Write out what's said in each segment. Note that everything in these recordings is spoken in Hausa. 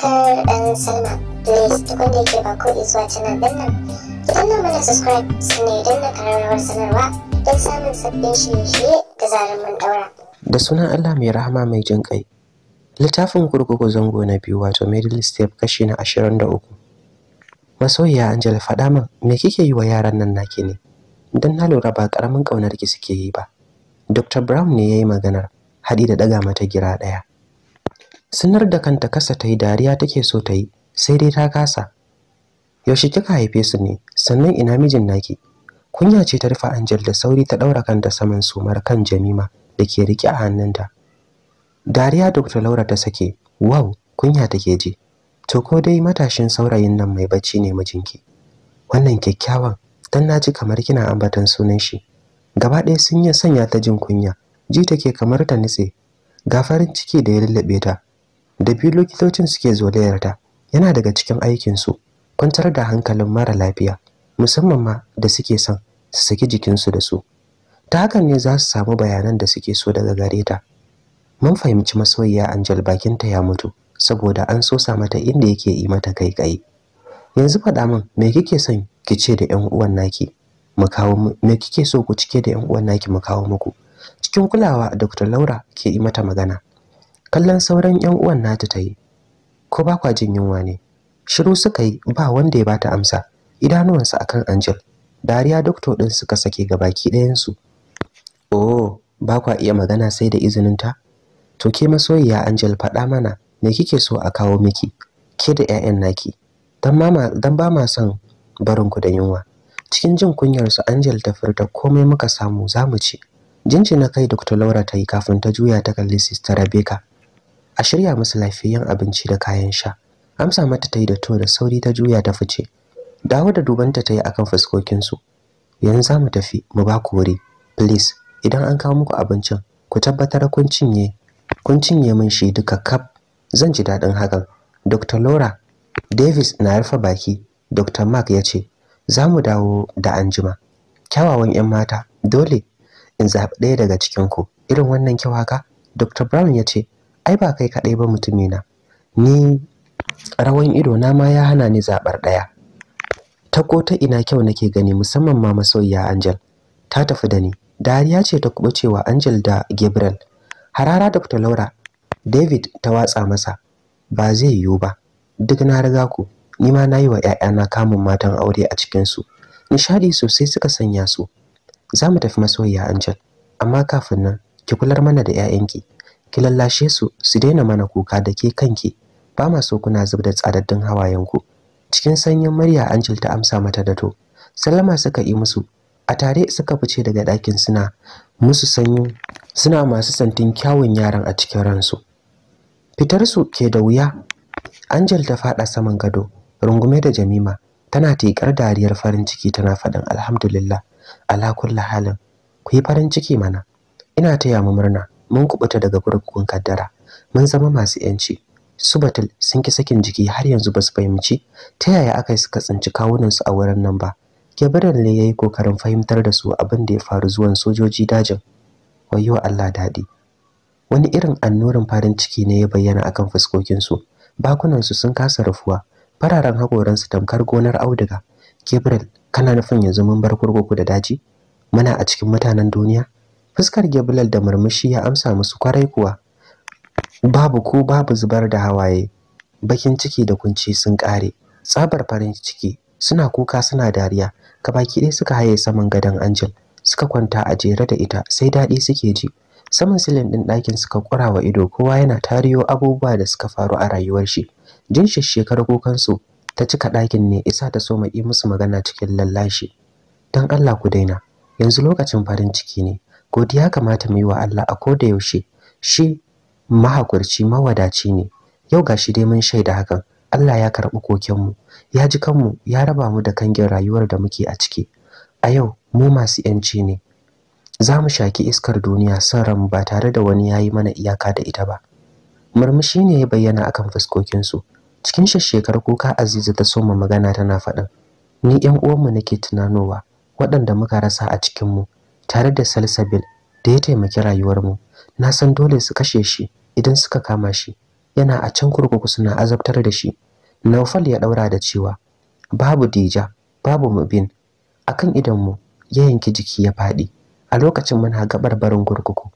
subscribe and sign up. Please tukun da yake ba ko zuwa canal din nan. Ki danna mana subscribe sannan idan na kararrawar sanarwa don samun sabbin shirye-shirye da zarar mun daura. Da sunan Allah mai rahama mai jin ƙai. Littafin kurkuku zango na biyu wato middle step kashi na ashirin da uku. Masoyiya Angel faɗa min me kike yi wa yaran nan naki ne? Don na lura ba ƙaramin ƙaunar ki suke yi ba. Dr. Brown ne ya yi maganar, haɗi da ɗaga mata gira ɗaya. Sunar da kanta kasa ta yi dariya take so ta yi, sai dai ta kasa. Yaushe kika haife su ne, sannan ina mijin naki? Kunya ce ta rufe Angel da sauri ta ɗaura kanta saman sumar kan Jamima da ke rike a hannunta. Dariya Dr. Laura ta sake, wow, kunya take ji. To ko dai matashin saurayin nan mai bacci ne mijinki. Wannan kyakkyawan, dan na ji kamar kina ambaton sunan shi. Gaba ɗaya sun yi sanya ta jin kunya, ji take kamar ta nitse. Ga farin ciki da ya lullube ta, da biyu likitocin suke zolayarta yana daga cikin aikinsu kwantar da hankalin mara lafiya musamman ma da suke son su saki jikinsu da su ta hakan ne za su samu bayanan da suke so daga gare ta mun fahimci masoyiya angel bakinta ya mutu saboda an sosa mata inda yake yi mata kai kai yanzu faɗa min me kike son ki ce da 'yan uwan naki mu kawo me kike so ku cike da yan uwan naki mu kawo muku cikin kulawa Dr. Laura ke yi mata magana kallon sauran yan uwan nata ta yi ko ba kwa jin yunwa ne shiru suka yi ba wanda ya bata amsa idanuwansa akan Angel dariya doktor din suka sake gabaki ɗayan su oh ba kwa iya magana sai da izinin ta to ke masoyiya Angel faɗa mana me kike so a kawo miki ke da 'ya'yan naki dan mama ba ma son barin ku da yunwa cikin jin kunyar su Angel ta furta komai muka samu zamu ci jinjina kai Dr. Laura ta yi kafin ta juya ta kalli Sister Rebecca a shirya musu lafiyan abinci da kayan sha amsa mata ta yi da to da sauri ta juya ta fice dawo da dubanta ta yi akan fuskokinsu yanzu za mu tafi mu ba ku wuri please idan an kawo muku abincin ku tabbatar kun cinye kun cinye min shi duka kap zan ji daɗin hakan dr laura davis na rufe baki dr mark ya ce za mu dawo da anjima kyawawan 'yan mata dole in zaɓi ɗaya daga cikinku irin wannan kyawaka dr brown ya ce ai ba kai kaɗai ba mutumina ni rawan ido na ma ya hana ni zaɓar ɗaya ta ko ta ina kyau nake gani musamman ma masoyiya Angel ta tafi da ni dariya ce ta kuɓa cewa Angel da Gabriel harara da Laura David ta watsa masa ba zai yiwu ba duk na riga ku ni ma yi wa ƴaƴana kamun matan aure a cikin su nishadi sosai suka sanya su za mu tafi masoyiya Angel amma kafin nan ki kular mana da 'ya'yanki. ki lallashe su su daina mana kuka da ke kanki ba ma so kuna zub da tsadaddun hawayenku cikin sanyin murya Angel ta amsa mata da to sallama suka yi musu a tare suka fice daga ɗakin suna musu sanyi. suna masu santin kyawun yaran a cikin ransu fitar su ke da wuya Angel ta faɗa saman gado rungume da Jamima tana tekar dariyar farin ciki tana faɗin alhamdulillah ala kulli halin ku yi farin ciki mana ina taya mu murna mun kubuta daga gurgurun kaddara mun zama masu yanci su sun ki sakin jiki har yanzu ba su fahimci ta yaya aka suka tsinci kawunan su a wurin nan ba kebaran ne yayi kokarin fahimtar da su abin da ya faru zuwan sojoji dajin wayo Allah dadi wani irin annurin farin ciki ne ya bayyana akan fuskokin su bakunan su sun kasa rufuwa fararen hakoran su tamkar gonar auduga Gabriel kana nufin yanzu mun bar kurkuku da daji muna a cikin mutanen duniya fuskar Gabriel da murmushi ya amsa musu kwarai kuwa babu ko babu zubar da hawaye bakin ciki da kunci sun kare tsabar farin ciki suna kuka suna dariya baki ɗaya suka haye saman gadon Angel suka kwanta a jere da ita sai daɗi suke ji saman silin ɗin ɗakin suka ƙura wa ido kowa yana tariyo abubuwa da suka faru a rayuwar shi jin shekarar kukansu ta cika ɗakin ne isa ta so yi musu magana cikin lallashi don Allah ku daina yanzu lokacin farin ciki ne godiya kamata mu yi wa Allah a koda yaushe shi mahakurci mawadaci ne yau ga shi dai mun shaida hakan Allah ya karɓi kokenmu ya ji kanmu ya raba mu da kangin rayuwar da muke a ciki a yau mu masu yanci ne za mu shaki iskar duniya son ranmu ba tare da wani ya yi mana iyaka da ita ba murmushi ne ya bayyana akan fuskokinsu cikin shekar kuka aziza ta soma magana tana faɗin ni 'yan uwanmu nake tunanowa waɗanda muka rasa a cikinmu tare da salsabil da ya taimaki rayuwarmu na san dole su kashe shi idan suka kama shi yana a can kurkuku suna azabtar da shi naufal ya daura da cewa babu dija babu mubin akan idanmu ya yanki jiki ya faɗi a lokacin muna gabar barin kurkuku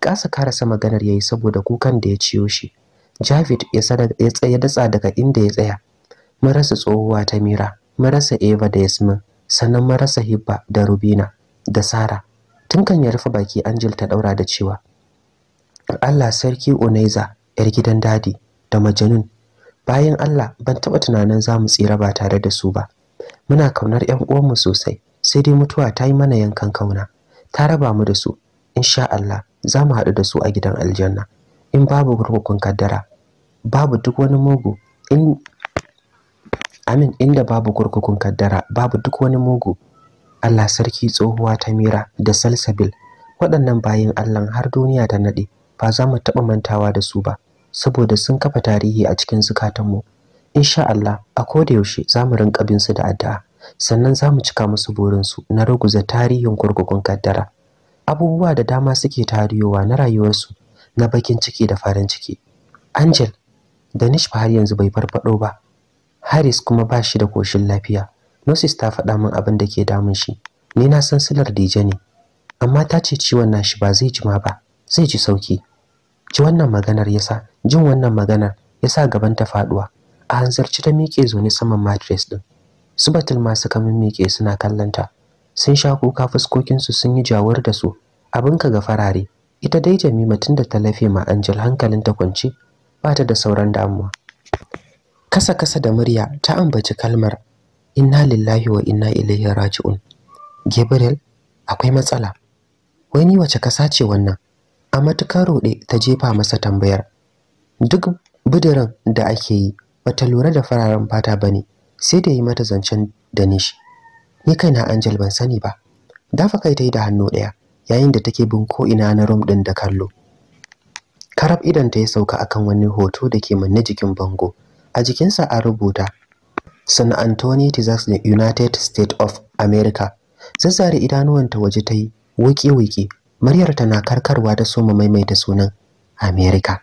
kasa karasa maganar yayi saboda kukan da ya ciyo shi Javid ya tsaya datsa daga inda ya tsaya mun rasa tsohuwa ta Mira mun rasa Eva da Yasmin sannan mun rasa Hibba da Rubina da Sara tun kan ya rufe baki Angel ta daura da cewa Allah sarki Uneza, yar gidan dadi da Majanun bayan Allah ban taba tunanin za mu tsira ba tare da su ba muna kaunar ƴan uwanmu sosai sai dai mutuwa ta yi mana yankan kauna ta raba mu da su insha Allah za mu haɗu da su a gidan aljanna in babu kaddara babu duk wani mugu in amin inda babu kurkukun kaddara babu duk wani mugu Allah sarki tsohuwa ta Mira da Salsabil waɗannan bayin Allah har duniya ta nade ba za mu taɓa mantawa da su ba saboda sun kafa tarihi a cikin zukatanmu insha Allah a koda yaushe za mu rinka bin su da addu'a sannan za mu cika musu burin su na ruguza tarihin gurgugun kaddara abubuwa da dama suke tariyowa na rayuwarsu na bakin ciki da farin ciki Angel Danish fa har yanzu bai farfado ba Haris kuma ba shi da koshin lafiya Moses ta faɗa min abin da ke damun shi. Ni na san silar Dije ne, amma ta ce ciwon nashi ba zai jima ba, zai ji sauki. Ji wannan maganar yasa, jin wannan maganar yasa gaban ta faduwa. A hanzarci ta miƙe zaune saman mattress ɗin. Su batul masu suka mimmiƙe suna kallon ta. Sun sha kuka fuskokinsu sun yi jawar da su. Abin ka ga farare. Ita dai Jamima da ta lafe ma Angel ta kwance, ba ta da sauran damuwa. Kasa-kasa da murya ta ambaci kalmar inna lillahi wa inna ilaihi raji'un gabriel akwai matsala wai ni wace kasa ce wannan a matukar roɗe ta jefa masa tambayar duk bidiran da ake yi bata lura da fararen fata bane sai da yi mata zancen da nishi ni kaina angel ban sani ba dafa kai ta yi da hannu ɗaya yayin da take bin ko ina na room ɗin da kallo karab idan ta ya sauka akan wani hoto da ke manne jikin bango a jikinsa a rubuta San Antonio Texas da United States of America. Zazzare idanuwanta waje ta yi wuƙe-wuƙe, maryar tana karkarwa da soma maimaita sunan America.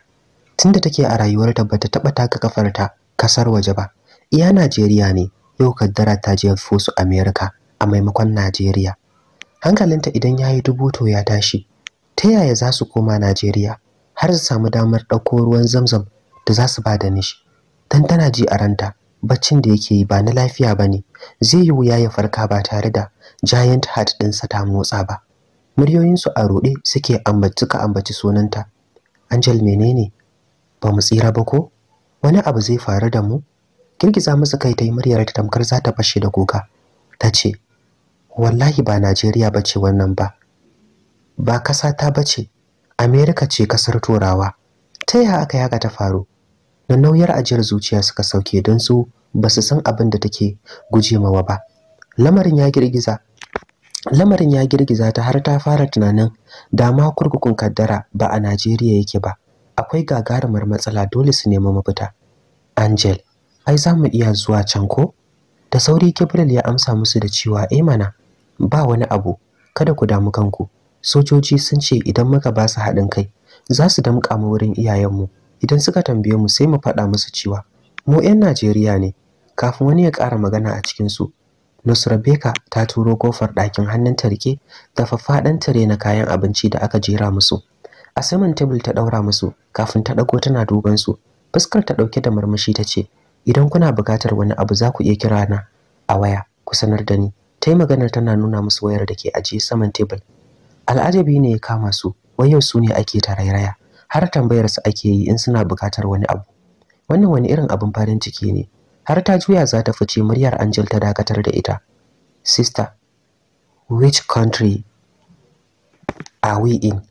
Tunda take a rayuwarta bata taɓa taka kafarta kasar waje ba. Iya Najeriya ne, yau kaddara ta je su America a maimakon Najeriya. Hankalinta idan ya yi dubuto ya tashi, ta yaya za su koma Najeriya har su samu damar ɗauko ruwan zamzam da za su ba da nishi. Dan tana ji a ranta, baccin da yake yi ba na lafiya ba ne zai yi wuya ya farka ba tare da giant heart ɗinsa ta motsa ba muryoyinsu a roɗe suke ka ambaci sunanta angel menene ba mu tsira ba ko wani abu zai faru da mu girgiza musu kai ta yi muryar ta tamkar za ta fashe da kuka ta ce wallahi ba najeriya ba ce wannan ba ba kasa ta ba amerika ce kasar turawa ta yaya aka ga ta faru da nauyar ajiyar zuciya suka sauke don su ba su san abin da take mawa ba lamarin ya girgiza lamarin ya girgiza ta har ta fara tunanin da ma kurkukun kaddara ba a Najeriya yake ba akwai gagarumar matsala dole su nemi mafita Angel ai za mu iya zuwa can ko da sauri Kibril ya amsa musu da cewa eh mana ba wani abu kada ku damu kanku sojoji sun ce idan muka ba su haɗin kai za su damƙa mu wurin iyayenmu idan suka tambaye mu sai mu faɗa musu cewa mu 'yan Najeriya ne kafin wani ya ƙara magana a cikinsu Nusra Beka ta turo kofar ɗakin hannun rike da faffaɗan tare na kayan abinci da aka jera musu a saman tebul ta ɗaura musu kafin ta ɗago tana duban su fuskar ta ɗauke da murmushi ta ce idan kuna buƙatar wani abu za ku iya kira na a waya ku sanar da ni ta yi maganar tana nuna musu wayar da ke ajiye saman tebul al'ajabi ne ya kama su wai yau su ne ake tarairaya har tambayar su ake yi in suna bukatar wani abu wannan wani irin abin farin ciki ne har ta juya za ta fice muryar Angel ta dakatar da ita sister which country are we in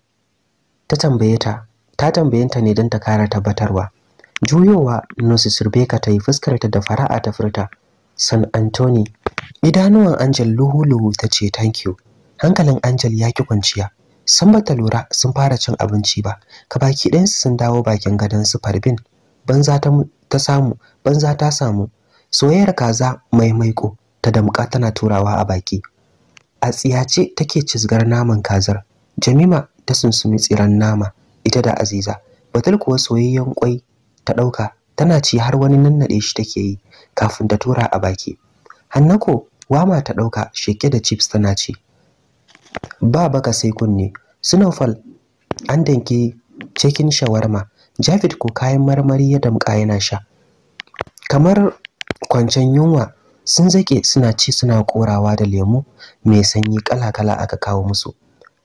ta tambaye ta ta ta ne don ta kara tabbatarwa juyowa Nurses ka ta yi fuskarta da fara'a ta furta San Anthony idanuwan Angel luhu-luhu ta ce thank you hankalin Angel ya ki kwanciya Sun bata lura sun fara cin abinci ba kabaki su sun dawo bakin gadon su farbin banza ta samu banza ta samu soyayyar kaza mai maiko ta damƙa tana turawa a baki a tsiyace take cizgar naman kazar jamima ta sunsumi tsiran nama ita da aziza batul kuwa soyayyen kwai ta ɗauka tana ci har wani nannaɗe shi take yi kafin ta tura a baki hannako wama ta ɗauka sheke da chips tana ci ba baka sai kunne sinofal an danke cikin shawarma jafit ko kayan marmari ya damƙa yana sha kamar kwancen yunwa sun zake suna ci suna korawa da lemu mai sanyi kala-kala aka kawo musu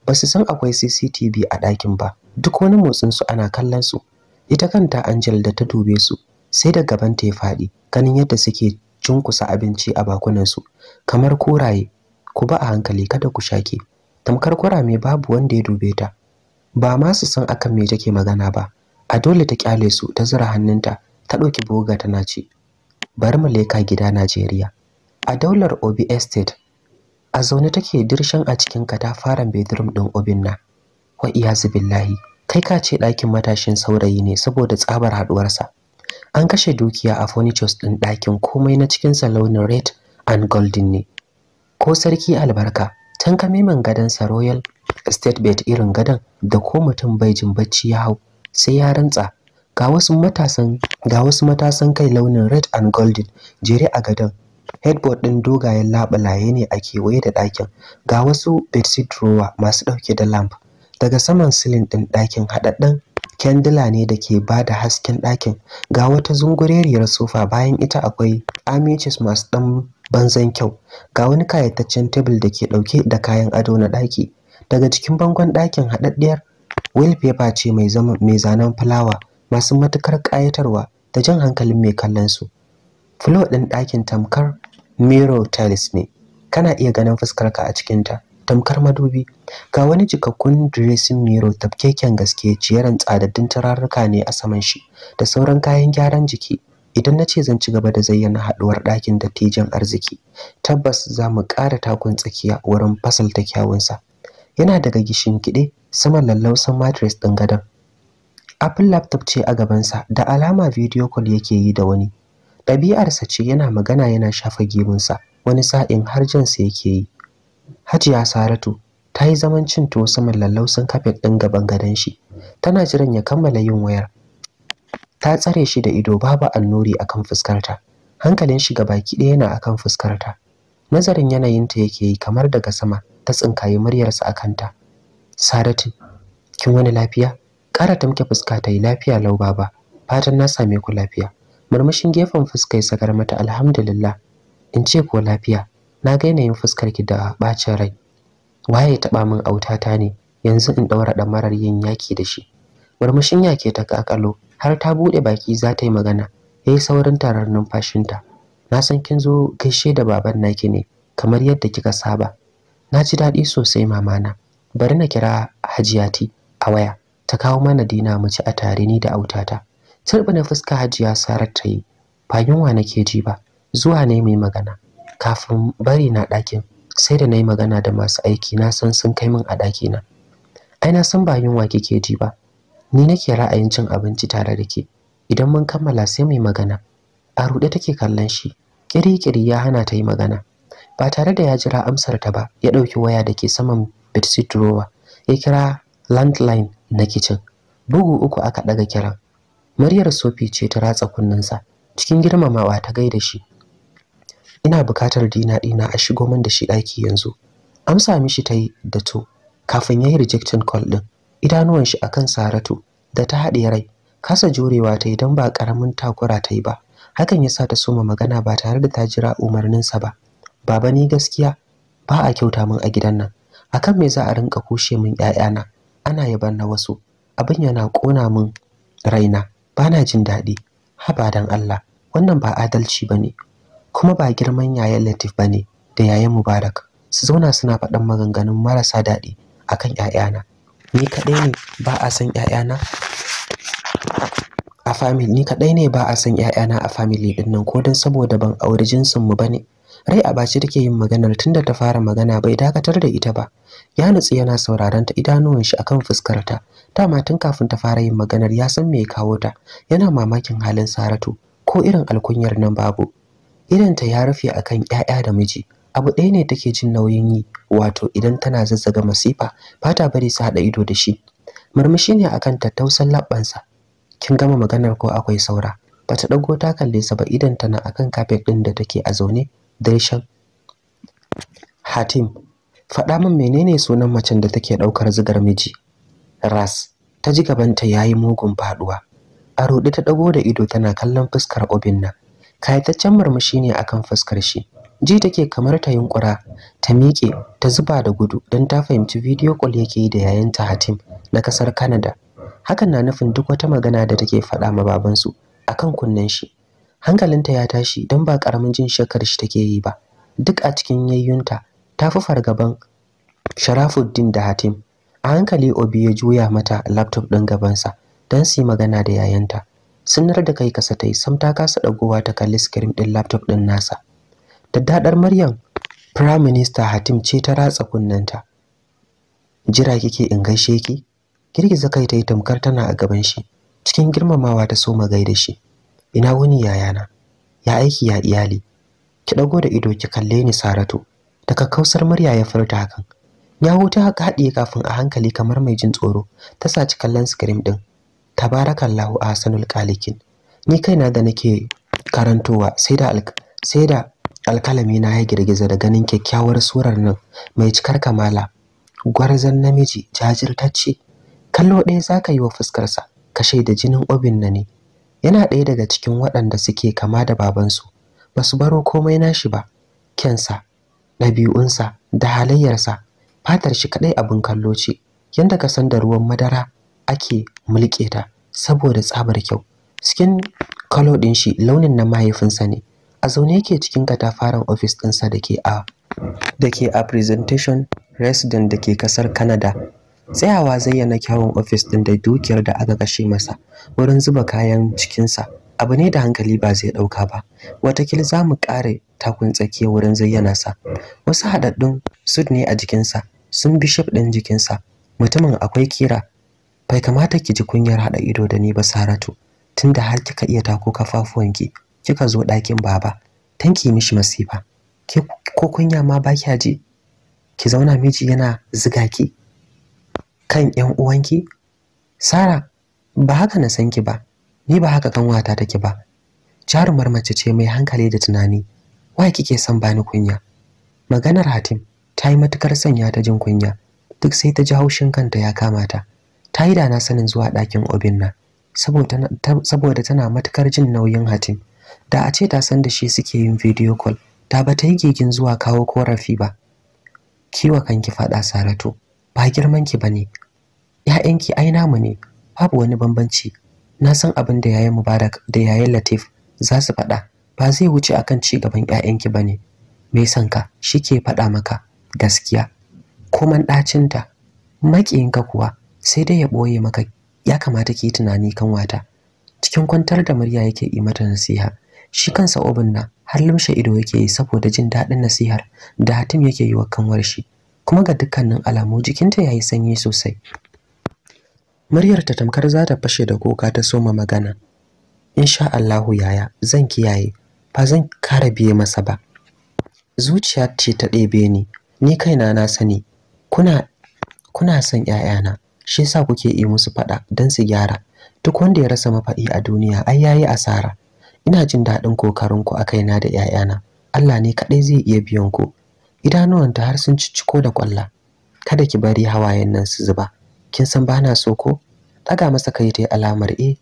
ba su san akwai cctv a ɗakin ba duk wani motsin su ana kallon su ita kanta angel da ta dube su sai da gaban ta ya faɗi ganin yadda suke cunkusa abinci a bakunan su kamar koraye ku ba a hankali kada ku shake tamkar kurame babu wanda ya dube ta ba ma su san akan me take magana ba a dole ta kyale su ta zura hannunta ta ɗauki boga tana ce. bari mu leka gida Najeriya a daular Obi Estate a zaune take dirshan a cikin katafaren bedroom din Obin na wa iyazu billahi kai ka ce ɗakin matashin saurayi ne saboda tsabar haɗuwarsa an kashe dukiya a furnitures ɗin ɗakin komai na cikin launin red and golden ne ko sarki albarka gadon sa royal estate bed irin gadon da ko mutum bai jin bacci ya hau sai ya rantsa ga wasu matasan ga wasu matasan kai launin red and golden jere a gadon headboard ɗin dogayen labulaye ne a kewaye da ɗakin ga wasu bedsheet drawer masu ɗauke da lamp daga saman silin ɗin ɗakin haɗaɗɗen kyandila ne da ke ba da hasken ɗakin ga wata zungureriyar sofa bayan ita akwai amicis masu ɗan banzan kyau ga wani kayataccen tebul da ke dauke da kayan ado na daki, daga cikin bangon ɗakin haɗaɗɗiyar wallpaper ce mai zama mai zanen fulawa masu matukar ƙayatarwa da jan hankalin mai kallon su floor ɗin ɗakin tamkar mirror tiles ne kana iya ganin fuskarka a cikin ta, tamkar madubi ga wani jikakkun dressing mirror tafkeken gaske ciyaran tsadaddun tararruka ne a saman shi da sauran kayan gyaran jiki idan na ce zan ci gaba da zayyana haɗuwar ɗakin dattijan arziki tabbas za mu ƙara takun tsakiya wurin fasalta kyawunsa yana daga gishin kiɗe saman lallausan matres ɗin gadon apple laptop ce a gabansa da alama video call yake yi da wani ɗabi'arsa ce yana magana yana shafa gemunsa wani sa'in har jansa yake yi hajiya saratu ta yi zaman cin tuwo saman lallausan kafet ɗin gaban gadon shi tana jiran ya kammala yin wayar ta tsare shi da ido babu annuri kan fuskarta hankalin shi ga baki ɗaya yana akan fuskarta nazarin yanayinta yake yi kamar daga sama ta tsinkayi muryarsa a kanta saratu kin wani lafiya ƙara tamke fuska ta yi lafiya lau baba fatan na same ku lafiya murmushin gefen fuska ya sakar mata alhamdulillah in ce ko lafiya na ga yanayin ki da bacin rai waye taɓa min autata ne yanzu in ɗaura ɗamarar yin yaki da shi murmushin yake ta ƙaƙalo har ta buɗe baki za ta yi magana ya yi saurin tarar numfashinta na san kin zo gaishe da baban naki ne kamar yadda kika saba na ji daɗi sosai mamana bari na kira hajiyati a waya ta kawo mana dina mu ci a tare ni da autata turba na fuska hajiya sarar ta yi ba yunwa nake ji ba zuwa ne mai magana kafin bari na ɗakin sai da na yi magana da masu aiki na san sun kai min a ɗakina ai na san ba yunwa kike ji ba ni nake ra'ayin cin abinci tare da ke idan mun kammala sai mai magana a ruɗe take kallon shi kirikiri ya hana ta yi magana ba tare da ya jira amsar ta ba ya ɗauki waya da ke saman bedsheet drawer ya kira landline na kicin bugu uku aka ɗaga kiran muryar sofi ce ta ratsa kunnensa cikin girmamawa ta gaida shi ina buƙatar dina ɗina a shigo min da shi ɗaki yanzu amsa mishi ta yi da to kafin ya yi rejection call ɗin idanuwan shi akan Saratu da ta haɗe rai kasa jurewa ta idan ba karamin takura ta yi ba hakan yasa ta soma magana ba tare da ta jira umarninsa ba baba ni gaskiya ba a kyauta min a gidan nan akan me za a rinka kushe min ƴaƴana ana yaban na wasu abin yana kona min raina bana jin daɗi haba dan Allah wannan ba adalci bane kuma ba girman yayan Latif bane da yayan Mubarak su zauna suna faɗan maganganun marasa daɗi akan ƴaƴana ni kaɗai ne ba a san ƴaƴana a family ni kaɗai ne ba a san a family din nan ko dan saboda ban auri jinsin mu bane rai a baci take yin maganar tunda ta fara magana bai dakatar da ita ba ya nutsi yana sauraron ta idanuwan shi akan fuskarta dama tun kafin ta fara yin maganar ya san me ya kawo ta yana mamakin halin saratu ko irin alkunyar nan babu idan ta ya rufe akan ya'ya da miji abu ɗaya ne take jin nauyin yi wato idan tana zazzaga masifa ba ta bari su haɗa ido da shi murmushi ne akan tattausan labbansa kin gama maganar ko akwai saura bata ɗago ta kalle sa ba idan tana akan kafet ɗin da take a zaune shan. hatim faɗa min menene sunan macen da take ɗaukar zigar miji ras ta ji gabanta yayi mugun faɗuwa a roɗe ta ɗago da ido tana kallon fuskar obin nan kayataccen murmushi ne akan fuskar shi ji take kamar ta yunkura ta miƙe ta zuba da gudu don ta fahimci video call yake yi da yayanta Hatim na kasar Canada hakan na nufin duk wata magana da take faɗa ma babansu akan kunnen shi hankalinta ya tashi don ba karamin jin shakkar shi take yi ba duk a cikin yayyunta ta fi fargaban Sharafuddin da Hatim a hankali Obi ya juya mata laptop ɗin gabansa don su yi magana da yayanta sanar da kai kasa ta yi sam ta kasa ɗagowa ta kalli screen ɗin laptop ɗin nasa da daddadar maryam prime minister hatim ce ta ratsa kunnanta jira kike in gaishe ki girgiza kai ta yi tamkar tana a gaban shi cikin girmamawa ta so gaida shi ina wuni yayana ya aiki ya iyali ki dago da ido ki kalle ni saratu Daga kausar murya ya furta hakan ya huta haka haɗiye kafin a hankali kamar mai jin tsoro ta saci kallon screen din tabarakallahu ahsanul qalikin ni kaina da nake karantowa sai da sai da alkalami na ya girgiza da ganin kyakkyawar surar nan mai cikar kamala gwarzan namiji jajirtacce kallo ɗaya za ka yi wa fuskarsa kashe da jinin obin na ne yana ɗaya daga cikin waɗanda suke kama da babansu ba su baro komai nashi ba kyansa ɗabi'unsa da halayyarsa fatar shi kaɗai abin kallo ce yadda ka san da ruwan madara ake mulke ta saboda tsabar kyau Cikin kalo ɗin shi launin na mahaifinsa ne a zaune yake cikin katafaren ofis ɗinsa da ke a da ke a presentation resident da ke kasar canada tsayawa zayyana kyawun ofis ɗin da dukiyar da aka kashe masa wurin zuba kayan cikinsa abu ne da hankali ba zai ɗauka ba watakila za mu ƙare takun tsakiya wurin zayyana sa wasu haɗaɗɗun sud ne a jikinsa sun bi ɗin jikinsa mutumin akwai kira bai kamata ki ji kunyar haɗa ido da ni ba saratu tunda har kika iya tako kafafuwanki kika zo ɗakin baba tanki mishi masifa ke ko kunya ma ba kya ji ki zauna miji yana ziga ki kan ƴan uwanki Sara ba haka na san ki ba ni ba haka kanwata take ba jarumar mace ce mai hankali da tunani wa kike son bani kunya maganar Hatim ta yi matukar sanya ta jin kunya duk sai ta ji haushin kanta ya kama ta ta yi dana sanin zuwa ɗakin obin saboda tana matukar jin nauyin Hatim da a ce ta san da shi suke yin video call ta ba ta yi gigin zuwa kawo korafi ba kiwa kanki faɗa saratu ba ki ba ne ‘ya'yanki ai namu ne babu wani bambanci na san abin da yayin mubarak da yayin latif za su faɗa ba zai wuce akan ci gaban ‘ya'yanki ba ne mai son ka shi ke faɗa maka gaskiya kuman ɗacinta maƙiyinka kuwa sai dai ya ɓoye maka ya kamata ki tunani kan wata cikin kwantar da murya yake yi mata nasiha shi kansa obin na har limshe ido yake yi saboda jin daɗin nasihar da hatim yake yi wa kanwar shi kuma ga dukkanin alamu jikinta yayi sanyi sosai muryar ta tamkar za ta fashe da kuka ta soma magana insha Allahu yaya zan kiyaye ba zan kara biye masa ba zuciya ce ta ɗebe ni ni kaina na sani kuna kuna son ƴaƴana shi yasa kuke yi musu faɗa don su gyara duk wanda ya rasa mafaɗi a duniya ai yayi asara ina jin daɗin kokarinku a kaina da 'ya'yana Allah ne kaɗai zai iya biyan ku idanuwanta har sun cicciko da ƙwalla kada ki bari hawayen nan su zuba kin san bana so ko ɗaga masa kai ta alamar e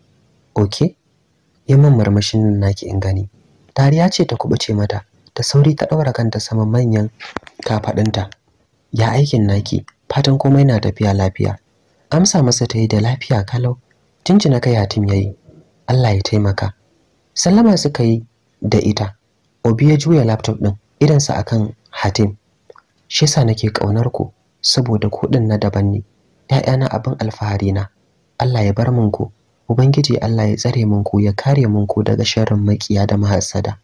oke ya min murmushin nan naki in gani Tariya ce ta kubuce mata da sauri ta ɗaura kanta sama manyan kafaɗinta ya aikin naki fatan komai na tafiya lafiya amsa masa ta yi da lafiya kalau jinjina kai hatim ya yi Allah ya taimaka sallama suka yi da ita obi ya juya laptop din idansa akan hatim shi yasa nake kaunar ku saboda ku na daban ne ƴaƴana abin alfahari na Allah ya bar mun ku ubangiji Allah ya tsare mun ku ya kare mun ku daga sharrin makiya da mahassada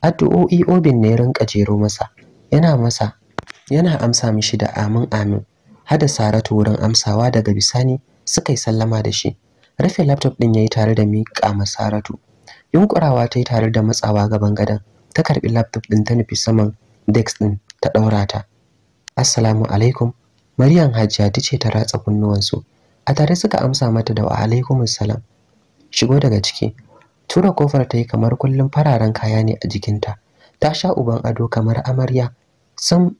addu'o'i obin ne rinka jero masa yana masa yana amsa mishi da amin amin hada saratu wurin amsawa daga bisani suka yi sallama da shi rufe laptop din yayi tare da miƙa masaratu yunkurawa ta yi tare da matsawa gaban gadon ta karbi laptop din ta nufi saman dex din ta daura ta assalamu alaikum maryam hajiya ta ce ta ratsa kunnuwansu a tare suka amsa mata da wa salam shigo daga ciki tura kofar ta yi kamar kullum fararen kaya ne a jikinta ta sha uban ado kamar amarya Sun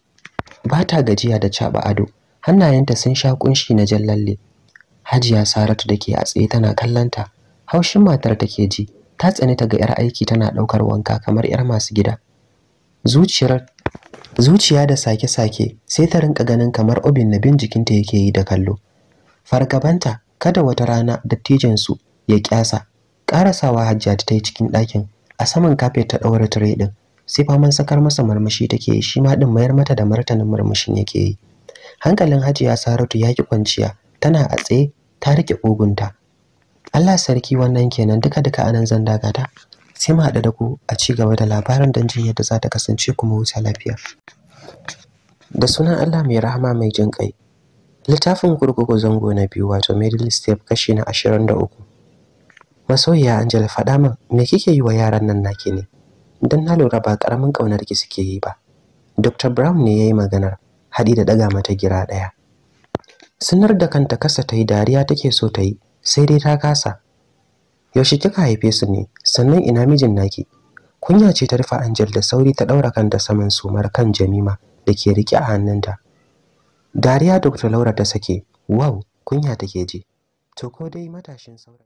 ba ta gajiya da caba ado hannayenta sun sha kunshi na jan lalle hajiya saratu da ke a tsaye tana kallanta haushin matar ta ke ji ta tsani ta ga 'yar aiki tana ɗaukar wanka kamar 'yar masu gida zuciya da sake-sake sai ta rinka ganin kamar obin na bin jikinta yake yi da kallo fargabanta kada wata rana dattijansu ya kyasa karasawa hajjati ta yi cikin ɗakin a saman kafet ta ɗaura tire ɗin sai faman sakar masa murmushi take yi shi ma ɗin mayar mata da martanin murmushin yake yi hankalin hajiya saratu ya ki kwanciya tana a tsaye ta riƙe ƙugunta Allah sarki wannan kenan duka duka anan zan dagata sai mu haɗu da ku a ci gaba da labarin don jin yadda za ta kasance kuma wuta lafiya da sunan Allah mai rahama mai jin kai littafin kurkuku zango na biyu wato middle step kashi na 23 masoyiya Angel faɗa min me kike yi wa yaran nan naki ne dan na lura ba karamin kaunar ki suke yi ba Dr Brown ne yayi maganar hadi da daga mata gira ɗaya sanar da kanta kasa ta dariya take so ta yi sai dai ta kasa yaushe kika haife su ne sannan ina mijin naki kunya ce ta rufe Angel da sauri ta daura kanta saman sumar kan Jamima da ke rike a hannunta dariya Dr Laura ta sake wow kunya take je to ko dai matashin saura